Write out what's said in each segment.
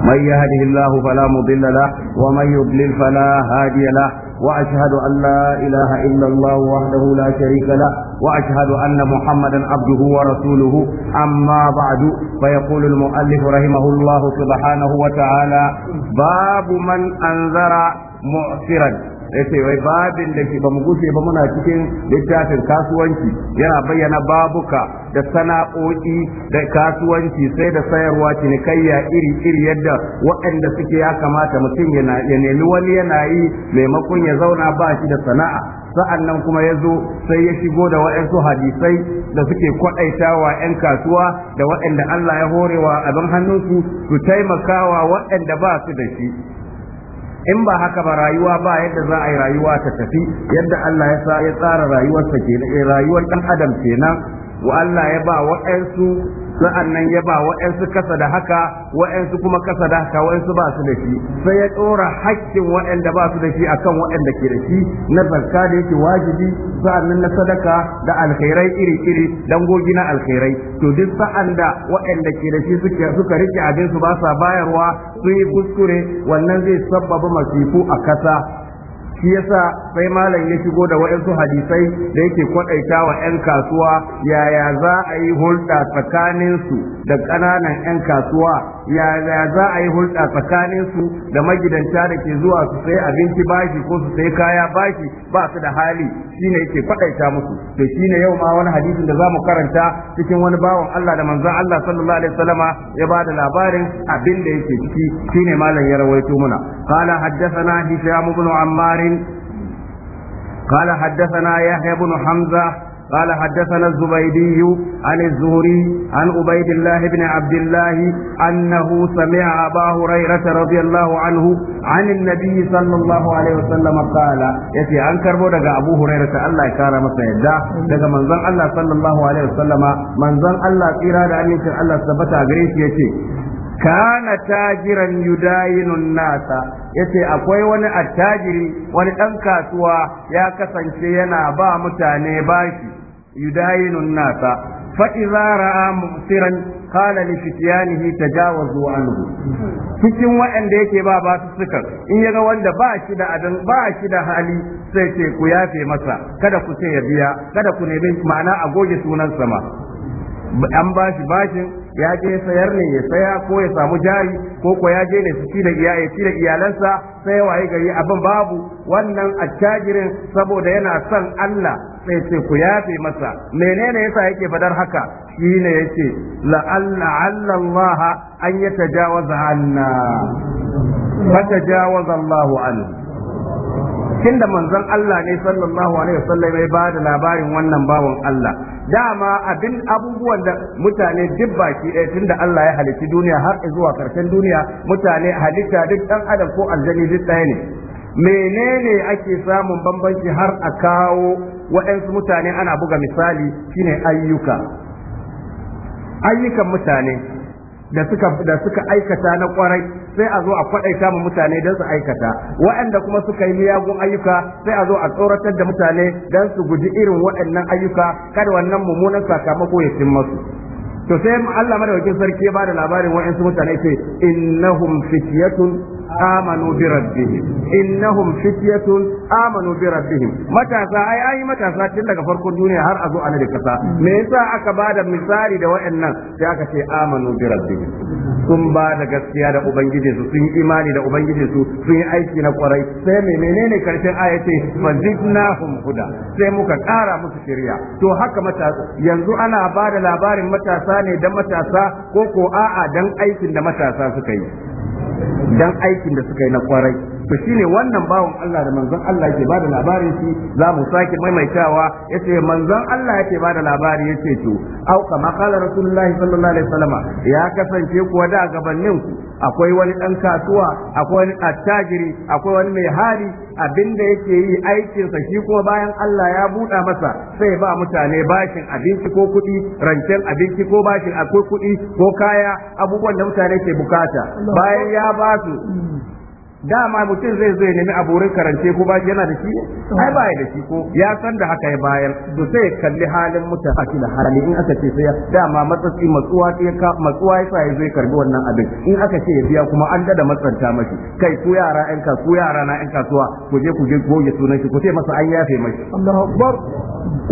من يهده الله فلا مضل له ومن يضلل فلا هادي له واشهد ان لا اله الا الله وحده لا شريك له واشهد ان محمدا عبده ورسوله اما بعد فيقول المؤلف رحمه الله سبحانه وتعالى باب من انذر معسرا ce wai babin da ke bamu gushe ba muna cikin littafin kasuwanci yana bayyana babuka da sana'o'i da kasuwanci sai da sayarwa cinikayya iri iri yadda waɗanda suke ya kamata mutum ya nemi wani yana yi maimakon ya zauna ba shi da sana'a sa'an nan kuma ya zo sai ya shigo da waɗansu hadisai da suke kwaɗaitawa 'yan kasuwa da waɗanda Allah ya horewa abin hannunsu su taimakawa waɗanda ba su da shi in ba haka ba rayuwa ba yadda za a yi rayuwa ta tafi yadda Allah ya sa ya tsara rayuwarsa kenan eh, rayuwar dan adam kenan wa Allah ya ba waɗansu sa'annan ya ba wa'ansu kasa da haka wa'yansu kuma kasa da haka wa'ansu ba su da shi sai ya tsora hakkin wa'anda ba su da shi a kan wa'anda ke da shi na zarka da yake wajibi sa'annan na sadaka da alkhairai iri-iri gogi na alkhairai to duk sa'an da wa'anda ke da shi suka rike abin su ba sa bayarwa sun yi kuskure wannan zai sabbaba masifu a kasa shi yasa sai malam ya shigo da waɗansu hadisai da yake kwaɗaita wa 'yan kasuwa yaya za a yi hulɗa tsakaninsu da ƙananan 'yan kasuwa ya za a yi hulɗa tsakanin su da magidanta da ke zuwa su sai abinci bashi ko su sai kaya bashi ba su da hali shine yake faɗaita musu to shine yau ma wani hadisin da zamu karanta cikin wani bawan Allah da manzon Allah sallallahu alaihi wasallama ya ba da labarin abin da yake ciki shine malam ya rawaito muna qala haddathana hisham ibn ammar قال حدثنا يحيى بن حمزه قال حدثنا الزبيدي عن الزهري عن عبيد الله بن عبد الله أنه سمع أبا هريرة رضي الله عنه عن النبي صلى الله عليه وسلم قال يتي أنكر بودك أبو هريرة الله كان مسيدا لك من ظن الله صلى الله عليه وسلم من ظن الله إرادة أن يشر الله ثبت أغريش يتي كان تاجرا يداين الناس yace akwai wani attajiri wani ɗan kasuwa ya kasance yana ba mutane bashi يداين الناس فإذا رأى مبصرا قال لفتيانه تجاوزوا عنه cikin waɗanda yake ba ba su suka in ga wanda ba shi da adan ba shi da hali sai ce ku yafe masa kada ku ce ya biya kada ku nemi ma'ana a goge sunan sama an ba shi bashin ya je sayar ne ya saya ko ya samu jari ko ko ya je ne su ci da iyaye ci da iyalansa sai waye gari abin babu wannan attajirin saboda yana son Allah sai ce ku yafe masa menene yasa yake fadar haka shine yace la'alla Allah an yatajawaza anna fatajawaza Allah anhu da manzon Allah ne sallallahu alaihi wasallam ya bada labarin wannan bawan Allah dama abin abubuwan da mutane duk baki ɗaya tun Allah ya halitti duniya har zuwa karshen duniya mutane halitta duk ɗan adam ko aljani duk ɗaya ne menene ake samun bambanci har a kawo wa'yansu mutane ana buga misali shine ayyuka ayyukan mutane da suka da suka aikata na kwarai sai a zo a kwadaita mu mutane don su aikata waɗanda kuma suka yi miyagun ayyuka sai a zo a tsoratar da mutane don su guji irin waɗannan ayyuka kada wannan mummunan sakamako ya cin masu to sai Allah madaukakin sarki ya bada labarin waɗansu mutane sai innahum fityatun amanu bi rabbihim innahum fityatun amanu bi rabbihim matasa ai ai matasa tun daga farkon duniya har a zo ana da kasa me yasa aka bada misali da waɗannan sai aka ce amanu bi rabbihim sun ba da gaskiya da ubangijinsu sun yi imani da ubangijinsu sun yi aiki na kwarai sai me menene karshen aya ce fazidnahum huda sai muka kara musu shirya to haka matasa yanzu ana bada labarin matasa ne dan matasa ko ko a'a dan aikin da matasa suka yi dan aikin da suka yi na kwarai to shine wannan bawan Allah da manzon Allah yake bada labarin shi za mu sake maimaitawa yace manzon Allah yake bada labari yace to au kama qala rasulullah sallallahu alaihi wasallam ya kasance kuwa da gabanin ku akwai wani dan kasuwa akwai wani attajiri akwai wani mai hali abinda yake yi aikinsa shi kuma bayan Allah ya buɗa masa sai ba mutane bashin abinci ko kuɗi rancen abinci ko bashin akwai kuɗi ko kaya abubuwan da mutane ke bukata bayan ya ba su mm. dama mutum zai zo ya nemi aburin karance ko ba yana da shi ai ba da shi ko ya san da haka ya bayar to sai ya kalli halin mutum a cikin hali in aka ce sai dama matsatsi matsuwa ya ka matsuwa ya sa ya zai karbi wannan abin in aka ce ya biya kuma an dada matsanta mashi kai ku yara ɗan ku yara na ɗan kasuwa ku je ku je goge sunan shi ku ce masa an yafe mashi Allahu Akbar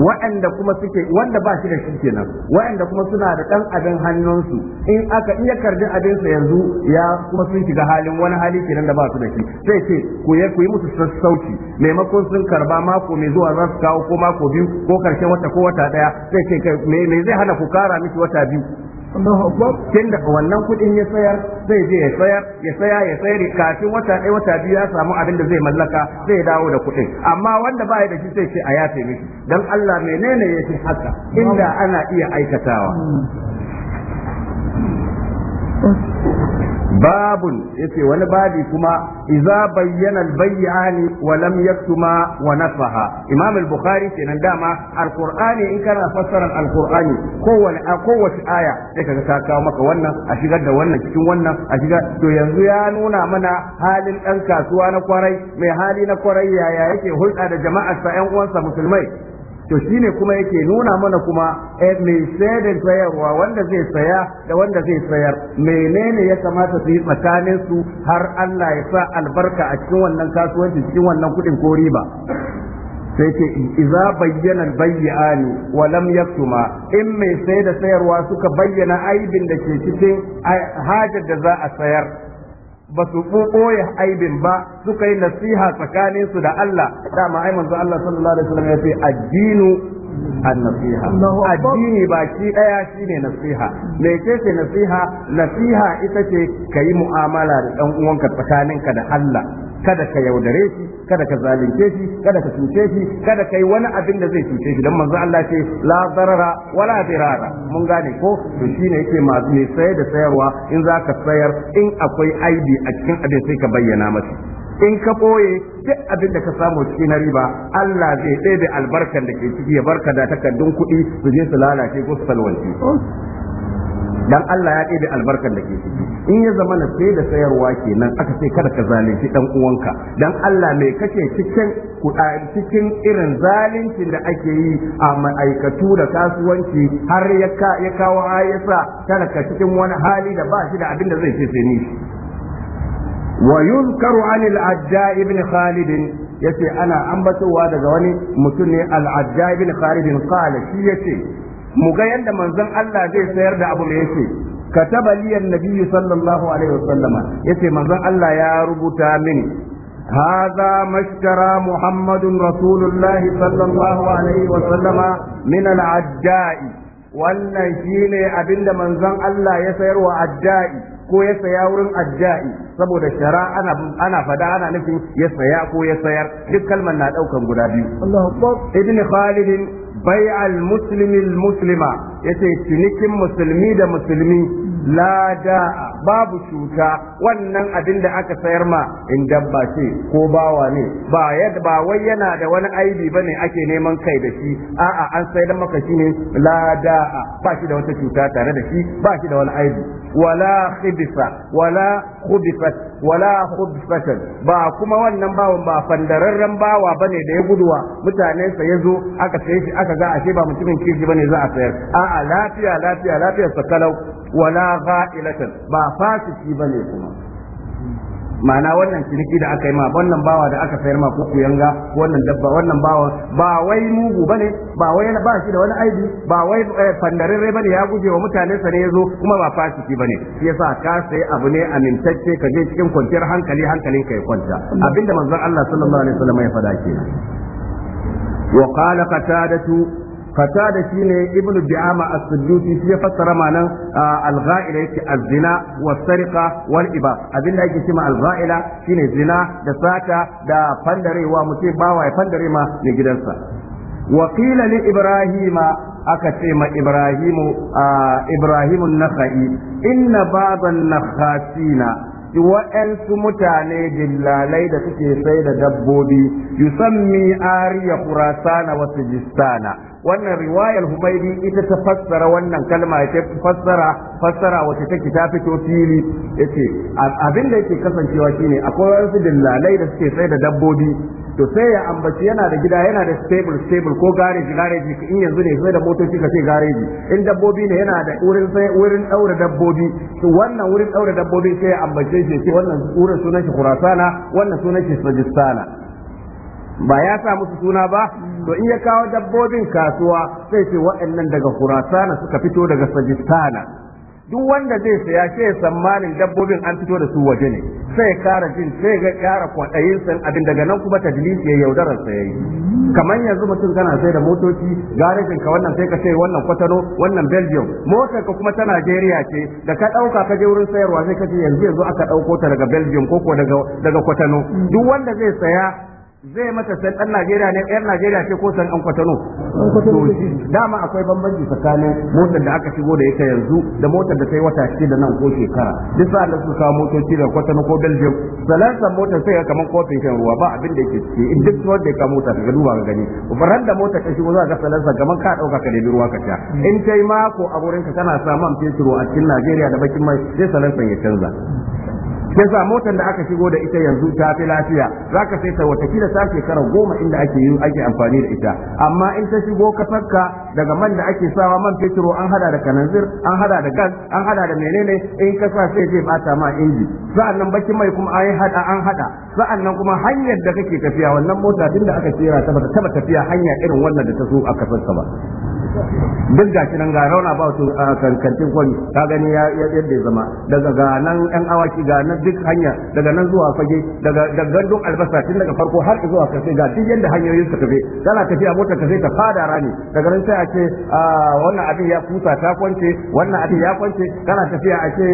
wa'anda kuma suke wanda ba shi da shi kenan wa'anda kuma suna da dan abin hannunsu in aka ya karbi abin sa yanzu ya kuma sun shiga halin wani hali kenan da ba su da shi sai ce ku yi ku yi musu sassauci maimakon sun karba mako mai zuwa za su kawo ko mako biyu ko karshen wata ko wata daya sai ce me zai hana ku kara miki wata biyu kin da wannan kuɗin ya sayar zai je ya sayar ya saya ya sayar kafin wata ɗaya wata biyu ya samu abin da zai mallaka zai dawo da kuɗin amma wanda ba da shi sai ce a yafe miki dan Allah menene ya fi haka inda ana iya aikatawa babun yace wani babi kuma idza bayyana al-bayyani wa lam yaktuma wa nasaha imam al-bukhari kenan dama al-qur'ani in kana fassara al-qur'ani kowace aya sai kaga ta kawo maka wannan a shigar da wannan cikin wannan a shigar to yanzu ya nuna mana halin ɗan kasuwa na kwarai mai hali na kwarai yaya yake hulɗa da jama'ar ta ƴan uwansa musulmai to shine kuma yake nuna mana kuma eh, mai sayar sayarwa wanda zai saya da wanda zai sayar menene ya kamata su yi tsakanin su har Allah ya sa albarka a cikin wannan kasuwanci cikin wannan kuɗin ko riba sai ce iza bayyana bayyani wa lam yaktuma in mai sayar da sayarwa suka bayyana aibin da ke cikin eh, hajar da za a sayar ba su ya aibin ba suka yi nasiha tsakanin su da Allah dama ai manzo Allah sallallahu alaihi wasallam ya ce addinu an-nasiha addini baki daya shine nasiha me ce ce nasiha nasiha ita ce ka yi mu'amala da dan uwanka tsakaninka da Allah kada ka yaudare shi kada ka zalunce shi kada ka cuce shi kada ka yi wani abin da zai cuce shi dan manzo Allah ce la darara wala dirara mun gane ko to shine yake masu mai sayar da sayarwa in zaka sayar in akwai I_D a cikin abin sai ka bayyana masa in ka ɓoye duk abin da ka samu cikin na riba Allah zai ɗebe albarkan da ke ciki ya barka da takardun kuɗi su je su lalace ko su salwanci dan Allah ya ɗebe albarkar da ke ciki in ya zama na sai da sayarwa kenan aka ce kada ka zalunci dan uwanka dan Allah mai kashe cikin cikin irin zaluncin da ake yi a ma'aikatu da kasuwanci har ya kawo ayyasa kada ka cikin wani hali da ba shi da abin da zai ce sai ni ويذكر عن العجاء ibn khalid yace ana ambatowa daga wani mutum ne al'ajja ibn khalid qala shi yace mu ga yadda manzon Allah zai sayar da abu me yake kataba liyan nabiyyu sallallahu alaihi wasallama yace manzon Allah ya rubuta min. هذا ما اشترى محمد رسول الله صلى الله عليه وسلم من العداء wannan shine abinda manzon Allah ya sayar wa addai ko ya saya wurin addai saboda shara ana ana fada ana nufin ya saya ko ya sayar duk kalmar na daukan guda biyu Allahu Akbar Ibn Khalid bai al muslimi muslima yace cinikin musulmi da musulmi la da'a babu cuta wannan abin da aka sayar ma in dabba ce ko bawa ne ba yadda ba wai yana da wani aibi bane ake neman kai da shi a'a an sayar maka shi ne lada'a ba shi da wata cuta tare da shi ba shi da wani aibi wala khibisa wala khubifat wala khubfatan ba kuma wannan bawan ba fandararren bawa bane da ya guduwa mutane sa yazo aka sai shi aka ga ashe ba mutumin kirki bane za a sayar a'a lafiya lafiya lafiyar sakalau wala gha'ilatan ba fasiki bane kuma ma'ana wannan ciniki da aka yi ma wannan bawa da aka sayar ma ko kuyanga ko wannan dabba wannan bawa ba wai mugu bane ba wai ba shi da wani aibi ba wai eh, fandararre bane ya guje wa mutane sa ne yazo kuma ba fasiki bane shi yasa ka sai abu ne amintacce ka je cikin kwanciyar hankali hankalin ka ya kwanta abinda manzon Allah sallallahu alaihi wasallam ya fada kenan qala qatadatu fata da shi ne ibnu bi'ama as-sujudi shi ya fassara manan al-gha'ila yake az-zina wa sariqa wal iba abinda yake cewa al-gha'ila shine zina da sata da fandarewa mutum bawa ya fandare gidansa wa ibrahima aka ce ma ibrahimu ibrahimu nakhai inna na, nakhasina wa'yansu mutane dillalai da suke sai da dabbobi yusammi ariya na wasu na. wannan riwayar humaidi ita ta fassara wannan kalma ta fassara fassara wacce take ta fito fili yace abin da yake kasancewa shine akwai wasu dillalai da suke sai da dabbobi to sai ya ambaci yana da gida yana da stable stable ko gareji gareji in yanzu ne sai da motoci ka sai gareji in dabbobi ne yana da wurin sai wurin daura dabbobi to wannan wurin daura dabbobi sai ya ambace shi sai wannan wurin sunan shi Khurasana wannan sunan shi Sajistana ba ya sa musu suna ba to in ya kawo dabbobin kasuwa sai ce waɗannan daga kurasana suka fito daga Sajistana duk wanda zai saya ce ya sammanin dabbobin an fito da su waje ne sai kara jin sai ga kara kwaɗayin san abin daga nan kuma tajlisi ya yaudarar sayayi. yayi kamar yanzu mutum kana sai da motoci garejin ka wannan sai ka sai wannan kwatano wannan belgium motar ka kuma ta najeriya ce da ka ɗauka ka je wurin sayarwa sai ka ce yanzu yanzu aka ɗauko ta daga belgium ko ko daga daga kwatano duk wanda zai saya zai mata san dan Najeriya ne yar Najeriya ce ko san an kwatano to dama akwai bambanci tsakanin motar da aka shigo da ita yanzu da motar da sai wata da nan ko shekara duk sa da su samu motoci da kwatano ko Belgium salansa motar sai kamar kofin shan ruwa ba abin da yake ciki in duk wanda ya ka mota ka duba ka gani ran da motar ka shigo za ka salansa kamar ka dauka ka nemi ruwa ka sha in kai mako a gurin ka kana sa man fetur a cikin Najeriya da bakin mai sai salansa ya canza sai sa motar da aka shigo da ita yanzu ta fi lafiya za ka sai ta watakila ta shekara goma inda ake yi ake amfani da ita amma in ta shigo ka daga man da ake sawa man fetro an hada da kananzir an hada da gas an hada da menene in ka sa sai zai bata ma inji sa'annan baki mai kuma ayi hada an hada sa'annan kuma hanyar da kake tafiya wannan mota da aka tsira ta bata tafiya hanya irin wannan da ta so aka sassa ba duk gashi nan ga rauna ba su a kankantin kwami ka gani ya yadda ya zama daga ga nan yan awaki ga nan duk hanya daga nan zuwa fage daga gandun albasa tun daga farko har zuwa karshe ga duk yadda hanyoyin su tafi kana tafiya motar ka sai ta fada rani daga nan sai a ce wannan abin ya kusa ta kwance wannan abin ya kwance kana tafiya a ce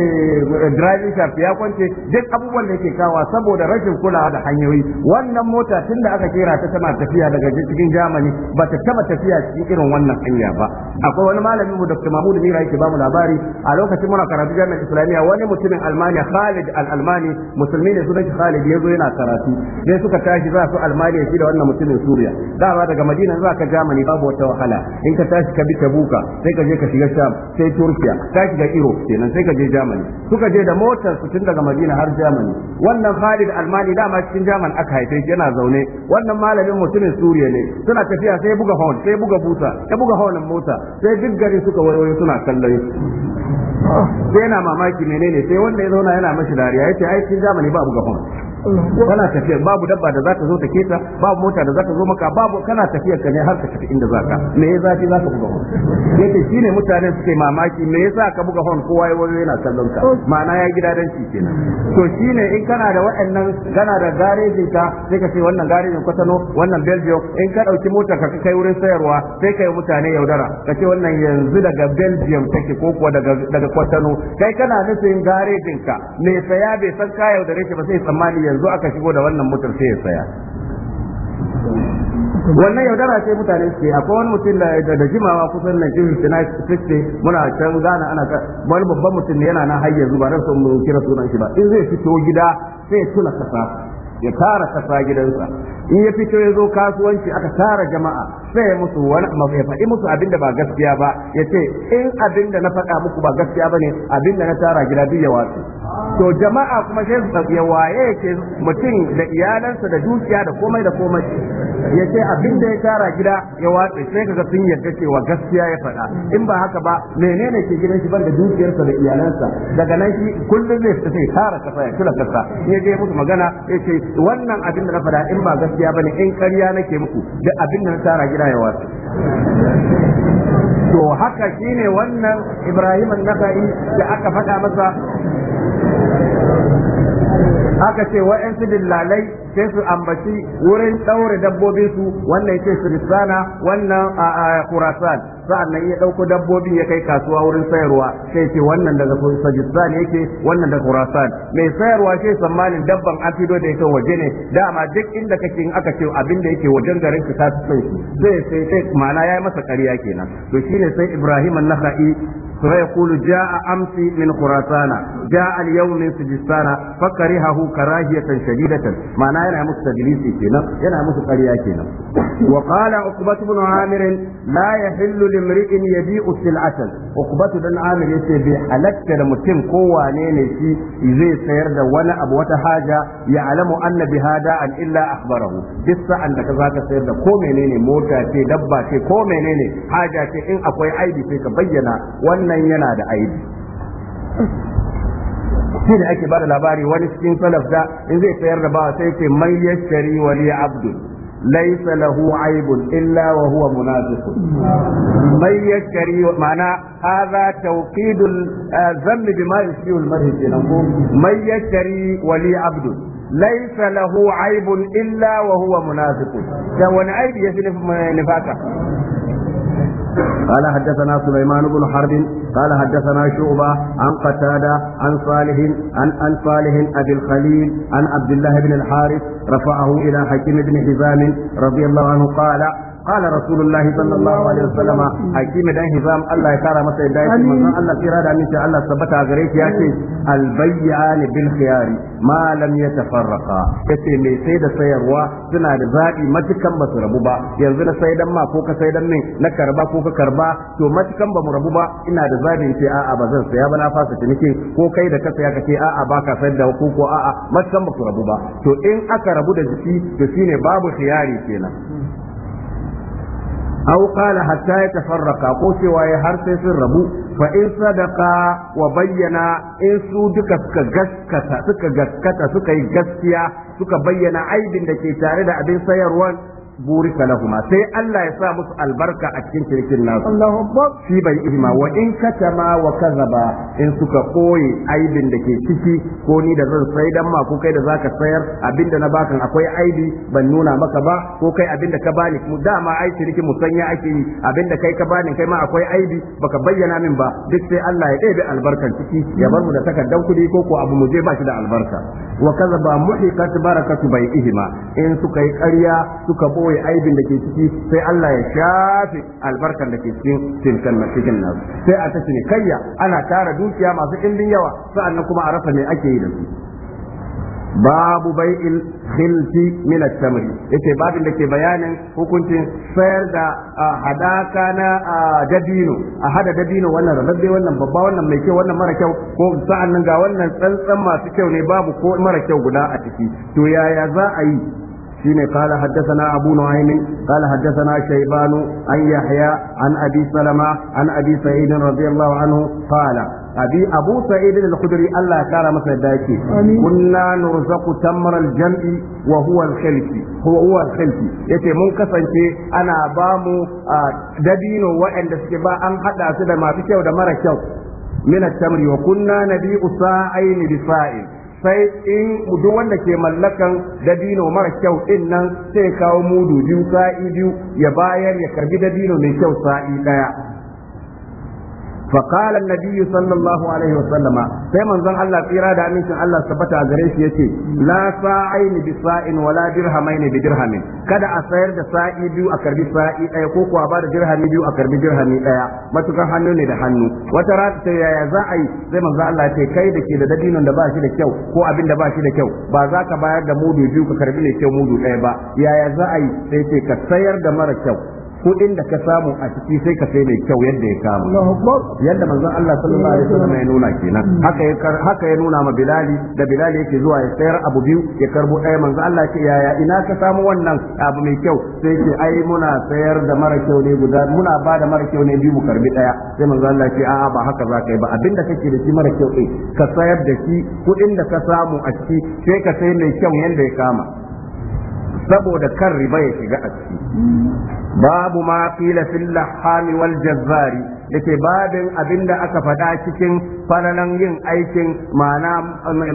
driving shaft ya kwance duk abubuwan da yake kawa saboda rashin kulawa da hanyoyi wannan mota tun da aka kera ta tana tafiya daga cikin Germany ba ta taba tafiya cikin irin wannan hanya ba akwai wani malami mu Dr. Mahmud Mira yake ba mu labari a lokacin muna karatu jami'ar Islamiyya wani mutumin Almani Khalid Al-Almani musulmi ne sunan Khalid yazo yana karatu sai suka tashi za su Almani shi da wannan mutumin Suriya da ba daga Madina za ka Germany babu wata wahala in ka tashi ka bi Tabuka sai ka je ka shiga Sham sai Turkiya ka shiga Europe kenan sai ka je Germany suka je da motar su tun daga Madina har Germany wannan Khalid Almani dama cikin German aka haife shi yana zaune wannan malamin mutumin Suriya ne suna tafiya sai buga horn sai buga busa ya buga horn wannan mota sai duk gari suka warware suna kallon sai yana mamaki menene sai wanda ya zauna yana mashi dariya yace ai cikin zamani babu gafon kana tafiya babu dabba da zaka zo ta keta babu mota da zaka zo maka babu kana tafiya ka ne har ka tafi inda zaka me yasa zafi zaka buga hon yace shine mutane suke mamaki me yasa ka buga hon kowa yana kallon ka ma'ana ya gida dan shi kenan to shine in kana da waɗannan kana da garejin ka sai ka ce wannan garejin kwatano wannan belgium in ka dauki mota ka kai wurin sayarwa sai kai mutane yaudara ka ce wannan yanzu daga belgium take ko kuwa daga daga kwatano kai kana nufin garejin ka me saya bai san ka yaudare shi ba sai tsammani yanzu yanzu aka shigo da wannan motar sai ya saya wannan yaudara sai mutane suke akwai wani mutum da jimawa kusan nan jihar Sinai Sixty muna can gana ana wani babban mutum ne yana nan har yanzu ba ran son mu kira sunan shi ba in zai fito gida sai ya tuna kasa ya tara kasa gidansa in ya fito ya zo kasuwanci aka tara jama'a sai ya musu wani ya faɗi musu abin ba gaskiya ba ya ce in abin na faɗa muku ba gaskiya ba ne abin na tara gida duk ya watsu to jama'a kuma sai su ya waye yake mutum da iyalansa da dukiya da komai da komai ya ce abin ya tara gida ya watsu sai kaga sun yarda cewa gaskiya ya faɗa in ba haka ba menene ke gidan shi banda dukiyarsa da iyalansa daga nan shi kullum zai fita sai tara kasa ya tura kasa ya je musu magana ya ce wannan abin da na faɗa in ba gaskiya bane in ƙarya nake muku da abin da na tara gida ya wasu to haka shine wannan Ibrahim an da aka faɗa masa aka ce wa'ansu dillalai sai su ambaci wurin daure dabbobin su wannan yake sirisana wannan a kurasan sa'an na ya ɗauko dabbobin ya kai kasuwa wurin sayarwa sai ce wannan daga sajistan yake wannan da kurasan mai sayarwa sai tsammanin dabban afido da yake waje ne da dama duk inda kake in aka ce abin da yake wajen garin ka ta sai sai sai sai ma'ana yayi masa ƙarya kenan to shine sai Ibrahim an-Nakhai فيقول جاء أمسي من خراسان جاء اليوم من سجستان فكرهه كراهية شديدة معناه yana musu tajlisi kenan yana musu ƙarya kenan wa qala uqbat ibn amir la yahillu limri'in yabi'u sil'atan uqbat ibn amir yace bi halakka da mutum ko wane ne shi zai sayar da wani abu wata haja ya alamu anna hada an illa akhbarahu duk sa'an da ka sayar da ko menene mota ce dabba ce ko menene haja ce in akwai aibi sai ka bayyana wannan yana da aibi shi ne ake bada labari wani cikin salaf da in zai sayar da bawa sai ce mai yashari wali abdu laysa lahu aibun illa wa huwa munafiq mai yashari ma'ana hadha tawqidul eh, zamm bima yashfi'u al-mar'i kenan ko mai yashari wali abdu laysa lahu aibun illa wa huwa munafiq da wani aibi ya fi nifaka قال حدثنا سليمان بن حرب قال حدثنا شعبة عن قتادة عن صالح عن عن صالح أبي الخليل عن عبد الله بن الحارث رفعه إلى حكيم بن حزام رضي الله عنه قال qala rasulullahi sallallahu alaihi wasallam hakimi dan hizam Allah ya kara masa yadda yake manzon Allah kira da aminci Allah tabbata gare shi yace al bayyan bil khiyari ma lam yatafarraqa yace mai sai da sayarwa suna da zabi matukan basu rabu ba yanzu na sai dan ma ko ka sai dan min na karba ko ka karba to matukan ba mu rabu ba ina da zabin ce a'a ba zan saya ba na fasa ciniki ko kai da ka saya ka ce a'a ba ka sayar ko ko a'a matukan ba su rabu ba to in aka rabu da jiki to shine babu khiyari kenan Hauka qala hatta yatafarraqa ko cewa ya har sai sun rabu fa in sadaqa wa bayyana in su duka suka gaskata suka yi gaskiya suka bayyana aibin da ke tare da abin sayarwan burika lahuma sai Allah ya sa musu albarka a cikin kirkin nasu Allahu shi bai ihma wa in katama wa kazaba in suka koyi aibin da ke ciki ko ni da zan sai dan ma ko kai da zaka sayar abinda na bakan akwai aibi ban nuna maka ba ko kai abinda ka bani mu dama ai shirki musanya ake yi abinda kai ka bani kai ma akwai aibi baka bayyana min ba duk sai Allah ya ɗebe albarkar ciki ya bar mu da takardan kuɗi ko ko abu mu je ba shi da albarka wa kazaba muhiqat barakatu bai'ihima in suka yi ƙarya suka bo boye aibin da ke ciki sai Allah ya shafe albarkar da ke cikin tilkan cikin nan sai a ne kayya ana tara dukiya masu ɗimbin yawa sa'annan kuma a rasa me ake yi da su babu bai'il khilti min at-tamri yace babin da ke bayanin hukuncin sayar da hadaka na dabino a hada dabino wannan rabbe wannan babba wannan mai kyau wannan mara kyau ko sa'annan ga wannan tsantsan masu kyau ne babu ko mara kyau guda a ciki to yaya za a yi shine qala haddathana abu nu'aym qala haddathana shayban an yahya an abi salama an abi sa'id yace mun kasance ana ba mu dabino waɗanda suke ba an su da masu kyau da mara kyau kunna sai in duk wanda ke mallakan dadino mara kyau din nan sai kawo mudu biyu sa'i biyu ya bayar ya karbi dadino mai kyau sa'i daya فقال النبي صلى الله عليه وسلم سيما زن الله في رادة أمين شان الله سبت أغريش يتي لا ساعين بساء ولا درهمين بدرهم كدا أسير دا ساعي بيو أكر ساعي أي كوكو أبار درهم بيو أكر درهم أي ما تكن حنو ني دا حنو وترات سيا يزاعي سيما زن الله تي كي دا كي دا دين دا باشي دا كيو كو أبين دا باشي دا كيو بازاك باير دا مودو بيو كربي كيو مودو أي با يا يزاعي سيتي كسير دا مرة كيو kudin da ka samu a ciki sai ka sai mai kyau yadda ya kama yadda manzon Allah sallallahu alaihi wasallam ya nuna kenan mm. haka ya haka ya nuna ma Bilali da Bilali yake zuwa ya sayar abu biyu ya karbo ɗaya manzon Allah ya yaya ina ka samu wannan abu mai kyau sai ce ai muna sayar da mara kyau ne guda muna ba da mara kyau ne biyu mu karbi ɗaya sai manzon Allah ya ce a'a ba haka za ka yi ba abinda kake da shi mara kyau ɗin ka sayar da shi kudin da ka samu a ciki sai ka sai mai kyau yadda ya kama saboda kan riba ya shiga a ciki babu ma fila fil lahami wal jazzari yake babin abinda aka faɗa cikin falalan yin aikin ma'ana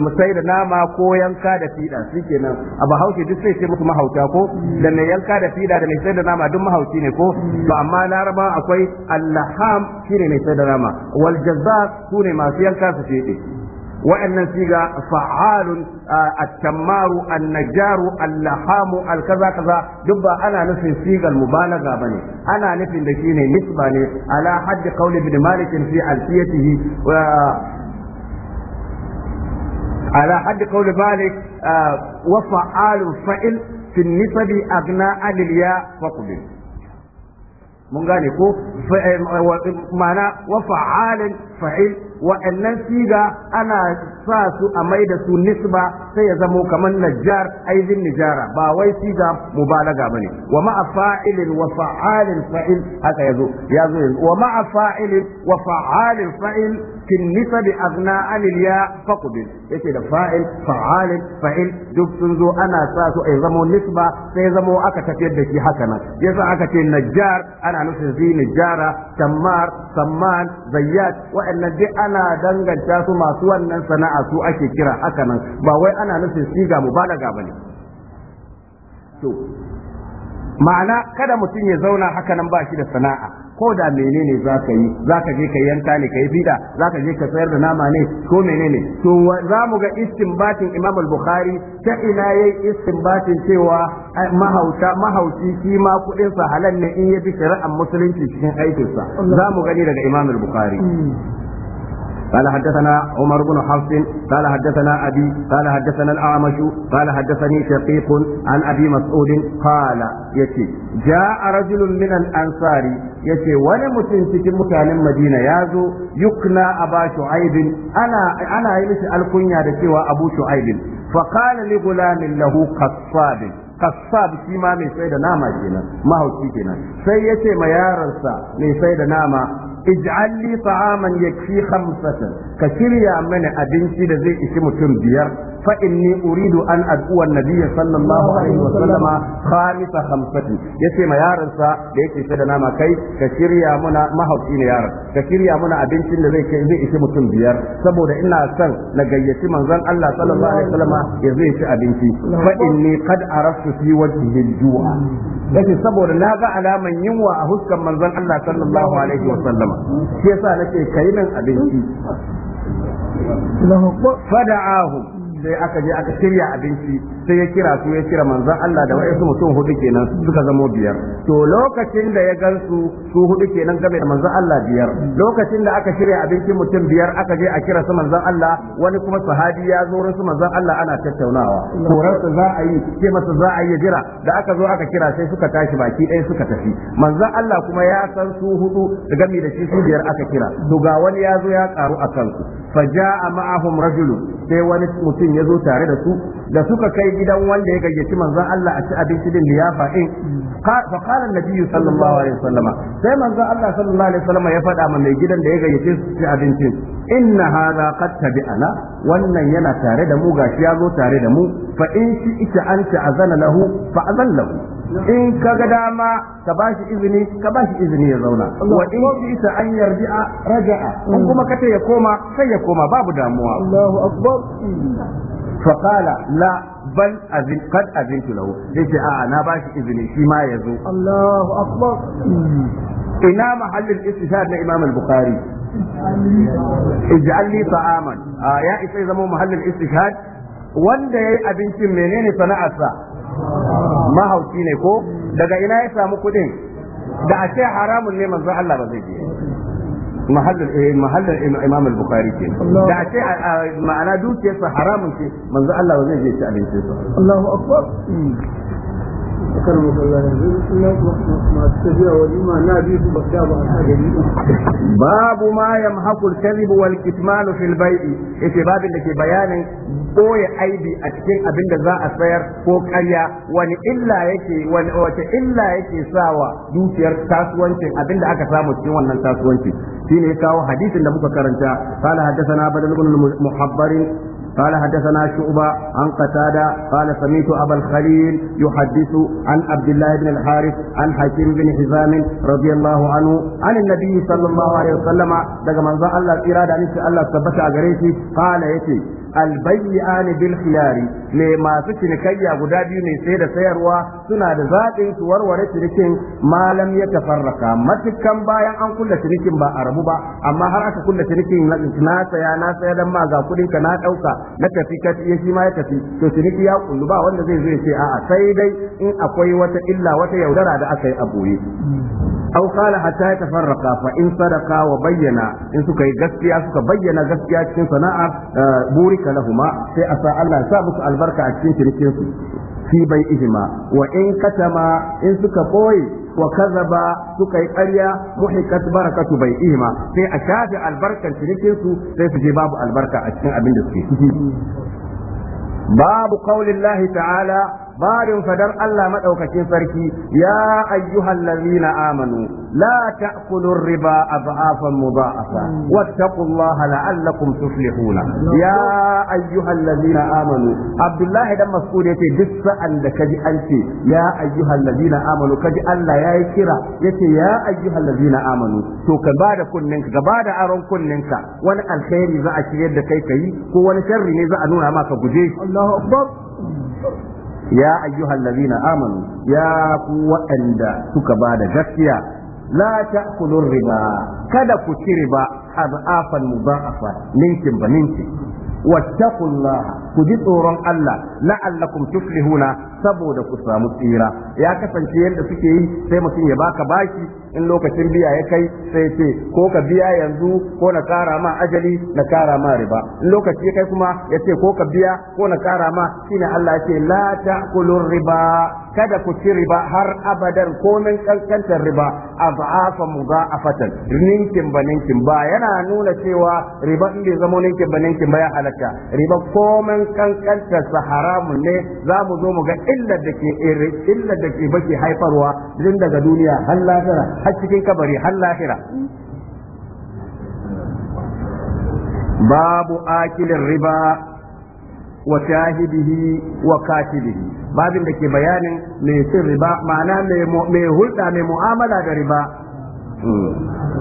musai da nama ko yanka da fida shikenan a bahaushe duk sai ce muku mahauta ko da mai yanka da fida da mai sai da nama duk mahauci ne ko to amma laraba akwai allaham shine mai sai da nama wal jazzar sune masu yanka su fiɗe wa'annan siga fa'alun at-tammaru an-najaru al-lahamu al-kaza kaza duk ba ana nufin sigal mubalaga bane ana nufin da shine nisba ne ala haddi qawli ibn malik fi alfiyatihi على حد قول مالك آه وفعال فعل في النسب أغنى عن الياء فقبل من قال معنى وفعال فعل wa'annan siga ana sa su a mai da su nisba sai ya zamo kamar najjar aizin nijara ba wai siga mubalaga bane wa ma'a fa'ilin wa fa'alin fa'il haka yazo yazo wa ma'a fa'ilin wa fa'alin fa'il kinnisa bi azna anil ya faqbil yace da fa'il fa'al fa'il duk sun zo ana sa su ai zamo nisba sai zamo aka tafiyar da shi hakanan. nan yasa aka ce najjar ana nufin zi najjara tammar samman zayyat wa'annan duk ana danganta su masu wannan sana'a su ake kira hakanan ba wai ana nufin siga mubalaga bane to ma'ana kada mutum ya zauna hakanan ba shi da sana'a ko da menene za ka yi za ka je ka yanka ne ka yi fida za ka je ka sayar da nama ne ko menene to za mu ga istinbatin imam al-bukhari ta ina yayi istinbatin cewa eh, mahauta mahauci shi ma kudin sa halal ne in ya bi shari'ar musulunci cikin aikinsa za mu gani daga imam al-bukhari mm. قال حدثنا عمر بن حفص قال حدثنا أبي قال حدثنا الأعمش قال حدثني شقيق عن أبي مسعود قال يتي جاء رجل من الأنصار يتي ولم تنسك مكان مدينة يازو يقنى أبا شعيب أنا أنا يمشي الكنيا دكيوا أبو شعيب فقال لغلام له قصاب kassab shi ma mai sai da nama kenan mahauci kenan sai ya ce ma yaransa mai sai da nama اجعل لي طعاما يكفي خمسة يا من أبنتي لزي اسم تنبير fa inni uridu an ad'uwa nabiyya sallallahu alaihi wa sallama khamisa hamsin. yace ma yaransa da yake sai da nama kai ka shirya muna ne yaron ka shirya muna abincin da zai kai zai ishi mutum biyar saboda ina son na gayyaci manzon Allah sallallahu alaihi wa sallama ya zai ci abinci fa inni qad yace saboda na ga alaman yunwa a huskan manzon Allah sallallahu alaihi wa sallama shi yasa nake kai nan abinci fada'ahu sai aka je aka shirya abinci sai ya kira su ya kira manzon Allah da wa'ansu mutum hudu kenan suka zamo biyar to lokacin da ya gansu su hudu kenan game da manzon Allah biyar lokacin da aka shirya abincin mutum biyar aka je a kira su manzon Allah wani kuma sahabi ya zo su manzon Allah ana tattaunawa su za a yi ce masa za a yi jira da aka zo aka kira sai suka tashi baki ɗaya suka tafi manzon Allah kuma ya san su hudu da game da shi su biyar aka kira to ga wani ya zo ya karu a kansu fa ja'a ma'ahum rajulun sai wani mutum ya zo tare da su da suka kai gidan wanda ya gayyaci manzon Allah a ci abinci din liyafa in fa qala an-nabi sallallahu alaihi wasallam sai manzon Allah sallallahu alaihi wasallam ya faɗa ma mai gidan da ya gayyace su ci abincin inna hadha qad tabi'ana wannan yana tare da mu gashi ya zo tare da mu fa in shi ita anta azana lahu fa azan lahu in ka ga dama ka ba shi izini ka ba shi izini ya zauna wa in shi isa an yarji a raja'a in mm. kuma kace ya koma sai ya koma babu damuwa Allahu akbar fa qala la bal azin qad azintu lahu sai a na ba shi izini shi ma ya zo Allahu akbar ina mahallin istishhad na Imam al-Bukhari ij'al li ta'aman ah, ya isa zama mahallin istishhad wanda yayi abincin menene sana'arsa mahauci ne ko daga ina ya samu kuɗin da a ce haramun ne manzo Allah ba zai je mahallin eh, mahallin Imam al-Bukhari ke da a ce ma'ana dukiyarsa haramun ce manzo Allah ba zai je ci abincin sa Allahu akbar hmm. akan makalla yanzu sunan masu tafiya babu da ke bayanin boye aibi a cikin abin da za a sayar ko karya wani illa yake wani wace illa dukiyar kasuwancin abin da aka samu cikin wannan kasuwanci shine ya kawo hadisin da muka karanta qala haddathana badal ibn muhabbarin قال حدثنا شعبة عن قتادة قال سمعت أبا الخليل يحدث عن عبد الله بن الحارث عن حكيم بن حزام رضي الله عنه عن النبي صلى الله عليه وسلم دقى من الله إرادة أن الله ثبت أجريتي قال يتي albayyan bil khiyari me masu cinikayya guda biyu ne sai da sayarwa suna da zaɓin su warware cinikin malam ya tafarraka matukan bayan an kulle cinikin ba a rabu ba amma har aka kulle cinikin na saya na saya dan ma ga kudin ka na ɗauka na tafi ka shi ma ya tafi to ciniki ya kullu ba wanda zai zo ya ce a'a sai dai in akwai wata illa wata yaudara da aka yi a boye aw qala hatta yatafarraqa fa bayyana in suka gaskiya suka bayyana gaskiya cikin sana'a burika lahuma sai a sa Allah sa musu albarka a cikin cinikin su fi bai ihima wa in katama in suka koyi wa kazaba suka yi ƙarya muhikat barakatu bai ihima sai a shafe albarkar cinikin su sai su je babu albarka a cikin abin da suke babu qaulillahi ta'ala barin fadar Allah madaukakin sarki ya ayyuhal ladzina amanu la ta'kulu riba adhafan mudha'afa wattaqullaha la'allakum tuflihuna ya ayyuhal ladzina amanu Abdullahi dan Mas'ud yace duk sa'an da kaji an ce ya ayyuhal ladzina amanu kaji Allah yayi kira yace ya ayyuhal ladzina amanu to ka bada kunninka ka bada aron kunninka wani alkhairi za a shiryar da kai kai ko wani sharri ne za a nuna maka guje Allahu akbar ya ayyuhal ladina amanu ya ku waɗanda suka ba da gaskiya la ta'kulur riba kada ku ci riba azafan mudafa ninkin ba ninkin wattaqullaha ku ji tsoron Allah la'allakum tuflihuna saboda ku samu tsira ya kasance yadda suke yi sai mutum ya baka baki in lokacin biya ya kai sai ce ko ka biya yanzu ko na kara ma ajali na kara ma riba in lokaci ya kai kuma ya ce ko ka biya ko na kara ma shi ne Allah ce la ta'kulur riba kada ku ci riba har abadan komin kankantar riba a azafa fatan, ninkin ba ninkin ba yana nuna cewa riba in bai zama ninkin ba ninkin ba ya halatta riba komin kankanta sa haramun ne za mu zo mu ga illar da ke illa da ke haifarwa din daga duniya har lahira har cikin kabari har lahira babu akilin riba wa shahidihi wa katibihi babin da ke bayanin mai cin riba ma'ana mai hulɗa mai mu'amala da riba hmm.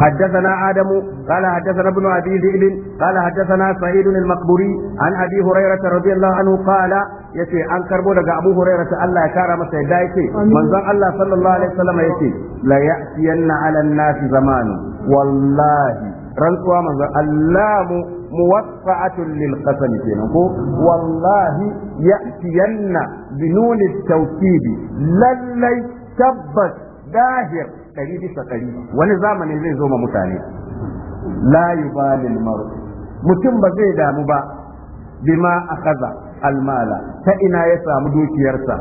حدثنا آدم قال حدثنا ابن أبي ذئب قال حدثنا سعيد المقبوري عن أبي هريرة رضي الله عنه قال yace an karɓo daga Abu hurairata. Allah ya kara masa ya yace manzon Allah sallallahu alaihi wasallam yace la ya'tiyanna 'ala an-nasi zamani? wallahi rantsuwa manzon Allahu muwaffa'atun lil qasam kenan ko wallahi ya'tiyanna bi nun at lallai tabbas dahir ɗari bisa ɗari wani zamani zai zo ma mutane la yubalil maru mutum ba zai damu ba bima akaza almala ta ina ya samu dukiyarsa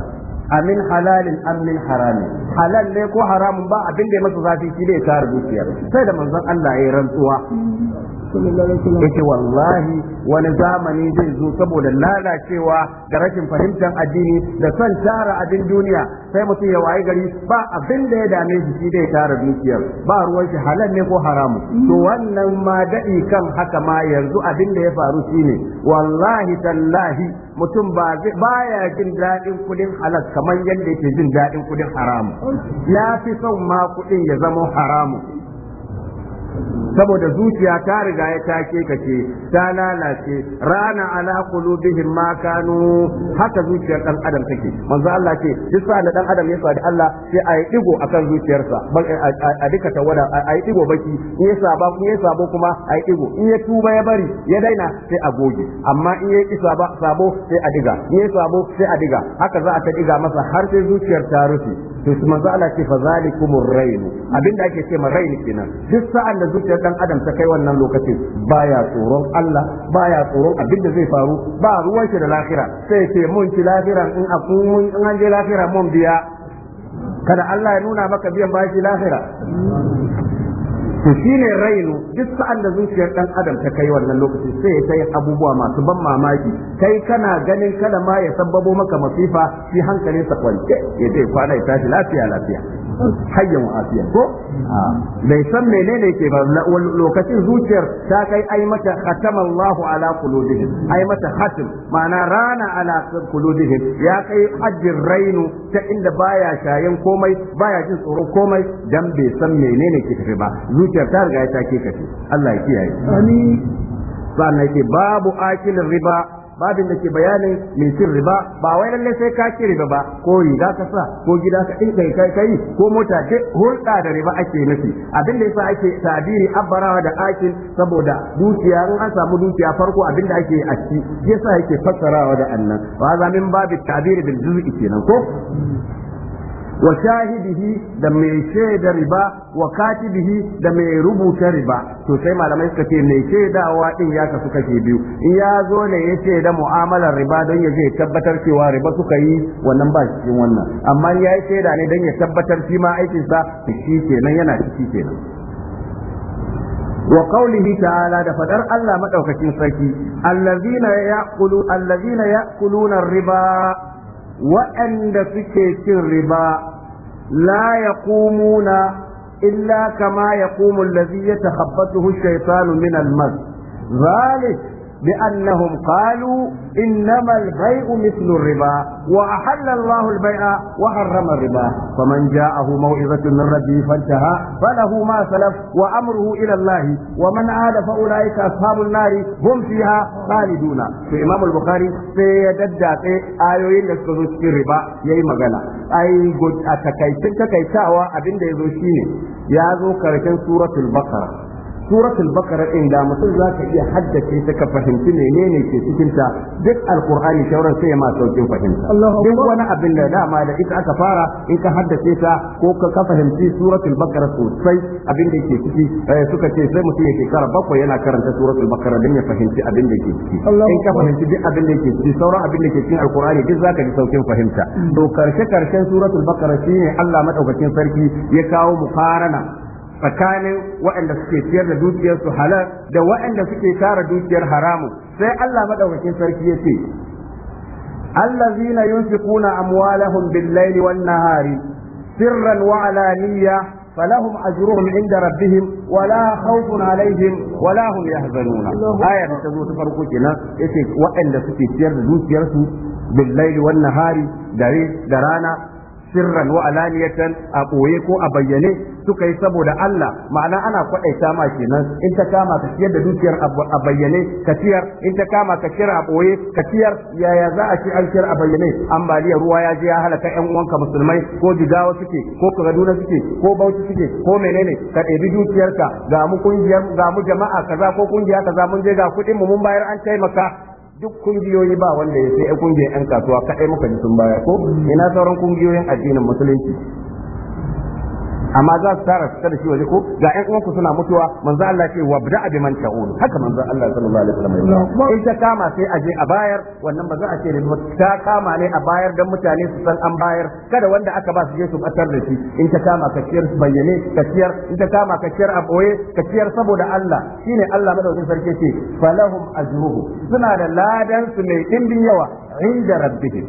amin halalin amin min haramin halal ne ko haramun ba abin da ya masa zafi shi ne ya tara dukiyar sai da manzon Allah ya yi rantsuwa yake wallahi wani zamani zai zo saboda lalacewa da rashin fahimtar addini da son tara abin duniya sai mutum ya waye gari ba abin da ya dame shi shi dai tara dukiyar ba ruwan shi halal ne ko haramu to wannan ma daɗi kan haka ma yanzu abin da ya faru shine wallahi tallahi mutum ba baya jin daɗin kudin halal kamar yadda yake jin daɗin kudin haramu ya fi son ma kudin ya zama haramu saboda zuciya ta riga ya take kace ta lalace rana ala qulubihim ma kanu haka zuciyar dan adam take manzo Allah ce duk sa da dan adam ya sadi Allah sai ayi digo akan zuciyarsa a duka tawada ayi digo baki in ya saba kuma ya sabo kuma ayi digo in ya tuba ya bari ya daina sai a goge amma in ya isa ba sabo sai a diga in ya sabo sai a diga haka za a ta diga masa har sai zuciyar ta rufe to su manzo Allah ce fa zalikumur rain abinda ake ce ma rain kenan duk sa'an da zuciyar dan adam ta kai wannan lokaci baya tsoron Allah baya tsoron abinda zai faru ba ruwan shi da lahira sai ce mun ci lahira in aku mun in an je lahira mun biya kada Allah ya nuna maka biyan bashi lahira to ne rainu duk sa'an da zuciyar dan adam ta kai wannan lokaci sai ya kai abubuwa masu ban mamaki kai kana ganin kada ma ya sababo maka masifa shi hankalinsa sa kwance ya ce kwana ya tashi lafiya lafiya hayyan wa afiya ko ah. bai san menene ke ba lokacin zuciyar ta kai ai mata khatama Allahu ala qulubihim ai mata khatim ma'ana rana ala qulubihim ya kai ajir rainu ta inda baya shayen komai baya jin tsoro komai dan bai san menene ke tafi ba zuciyar ta riga ta ke kace Allah ya kiyaye amin sannan ke babu akil riba babin da ke bayanin mai cin riba ba wai lalle sai ka ci riba ba ko riga ka sa ko gida ka ɗin kai kai kai ko mota duk hulɗa da riba ake nufi abin da yasa ake tabiri abbarawa da akin saboda dukiya in an samu dukiya farko abin da ake a ciki yasa yake fassarawa da annan wa zamin babin tabiri bil juz'i kenan ko wa shahidihi da mai riba wa katibihi da mai rubuta riba to sai malamai suka ce mai shaidawa din ya kasu kake biyu in ya zo ne ya ce da mu'amalar riba don ya je tabbatar cewa riba suka yi wannan ba cikin wannan amma ya yi shaida ne don ya tabbatar shi ma aikin sa shi kenan yana ciki kenan wa qawlihi ta'ala da fadar Allah madaukakin sarki allazina ya'kulu allazina ya'kuluna riba waɗanda suke cin riba la na, illa kama yaqumu allazi yatakhabbathu ash-shaytanu min al-mas zalik بأنهم قالوا إنما البيع مثل الربا وأحل الله البيع وحرم الربا فمن جاءه موعظة من ربه فانتهى فله ما سلف وأمره إلى الله ومن عاد فأولئك أصحاب النار هم فيها خالدون في إمام البخاري في دجات آيوين يسكتوا في الربا يأي مغانا أي قد أتكيتن تكيتاوا أبين ديزوشيني يازو كاركين سورة البقرة suratul bakara din da mutum zaka iya haddace ta ka fahimci menene ke cikin ta duk alqur'ani shauran sai ma saukin fahimta duk wani abin da dama da ita aka fara in ka haddace ta ko ka fahimci suratul bakara sosai abin da ke ciki eh, suka ce sai mutum ya shekara bakwai yana karanta suratul bakara don ya fahimci abin ke ciki in ka fahimci duk abin ke ciki sauran abin da ke cikin alqur'ani duk za saukin fahimta mm. to karshe karshen suratul bakara shine Allah madaukakin sarki ya kawo mukarana tsakanin waɗanda suke ciyar da dukiyar su halal da waɗanda suke tara dukiyar haramu sai Allah madaukakin sarki ya ce allazina yunfiquna amwalahum bil-laili wan-nahari sirran wa alaniya فلهم أجرهم عند ربهم ولا خوف عليهم ولا هم يحزنون آية تزور تفرقوا كنا يسي وإن سكي سير بالليل والنهار da درانا sirran wa alaniyatan a ɓoye ko a bayyane suka yi saboda Allah ma'ana ana kwaɗaita ma kenan in ta kama ka ciyar da dukiyar a bayyane ka ciyar in ta kama ka ciyar a ɓoye ka ciyar yaya za a ci an ciyar a bayyane ambaliyar ruwa ya je ya halaka ƴan uwanka musulmai ko jigawa suke ko kaduna suke ko bauchi suke ko menene ka ɗebi dukiyarka ga mu kungiyar ga mu jama'a kaza ko kungiya kaza mun je ga kuɗin mu mun bayar an taimaka duk kungiyoyi ba wanda ya sai kungiyoyin 'yan kasuwa kaɗai muka ji sun baya ko ina sauran kungiyoyin addinin musulunci amma za su tara fita da shi waje ko ga ƴan uwanku suna mutuwa manzo Allah ce wa bi man ta'ulu haka manzo Allah sallallahu alaihi wasallam in ta kama sai a je a bayar wannan ba za a ce ta kama ne a bayar dan mutane su san an bayar kada wanda aka ba su je su batar da shi in ta kama ka ciyar bayyane ka ciyar in ta kama ka ciyar a boye ka ciyar saboda Allah shine Allah madaukakin sarki ce falahum ajruhu suna da ladan su mai dimbin yawa inda rabbihim